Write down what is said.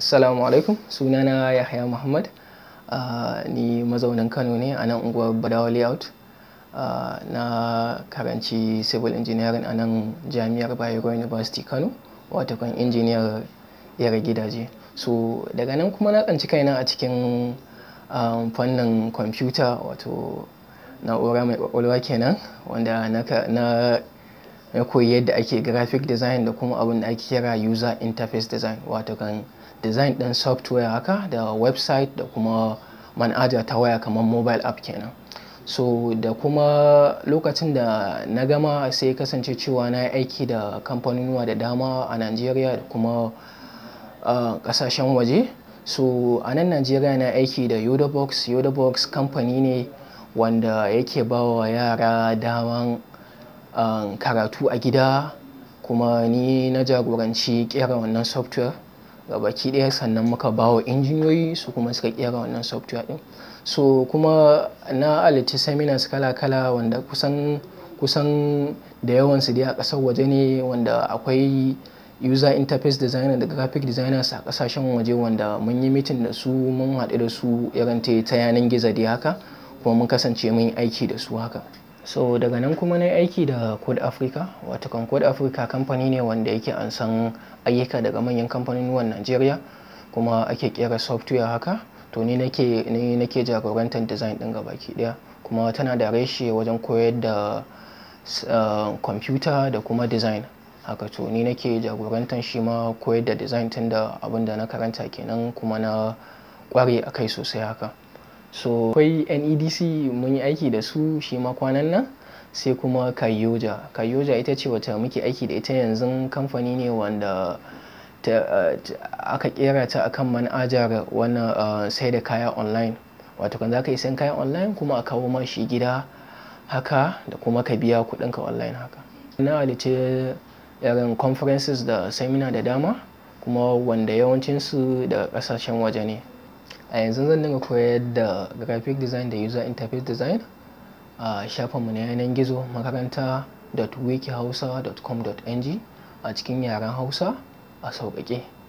Assalamu alaikum sunana Yahya Muhammad uh, ni mazaunin Kano ne a nan unguwar Badawa Layout uh, na karanci civil engineering a nan jami'ar Bayero University Kano wato kan injiniyar yara gidaje so daga nan kuma na kanci kaina a cikin ah, fannin computer wato na'ura mai kwakwalwa kenan wanda na ya koyi yadda ake graphic design da kuma abin da ake kira user interface design wato kan design ɗin software haka da website da kuma man'aja ta waya kamar mobile app kenan so da kuma lokacin da na gama sai kasance cewa na aiki da kamfaninuwa da dama a najeriya da kuma kasashen uh, waje so a nan najeriya na aiki da yodobox yodobox kamfani ne wanda yake ba wa yara daman um, karatu a gida kuma ni na jagoranci kera wannan software baki ɗaya sannan muka ba wa injiniyoyi su kuma suka kera wannan software ɗin so kuma na alici seminars kala-kala wanda kusan kusan da yawansu dai a ƙasar waje ne wanda akwai user interface designer da graphic designers a ƙasashen waje wanda mun yi mitin da su mun haɗu da su irin ta yanan gizo da haka kuma mun kasance mun yi aiki da su haka so daga nan kuma na aiki da code africa watakan code africa kamfani ne wanda yake an san ayyuka daga manyan kamfanin najeriya kuma ake kera software haka to ni nake ni nake jagorantar design din ga baki daya kuma tana da reshe wajen koyar da eh, kwamfuta da kuma design haka to ni nake jagorantar shi ma koyar da design tun da abin da na karanta kenan kuma na kware a kai sosai haka so akwai nedc mun yi aiki da su shi ma kwanan nan sai kuma kayoja kayoja ita ce wata muke aiki da ita yanzu kamfani ne wanda eh, aka kera ta akan man'ajar wani eh, sai da kaya online wato kan za ka yi kaya online kuma a kawo ma shi gida haka da kuma ka biya kudinka online haka na halice irin conferences da seminar da dama kuma wanda yawancinsu da kasashen waje ne a yanzu zan dinga koyar da graphic design da user interface design a shafinmu na yanar gizo ng a cikin yaren hausa a sauƙaƙe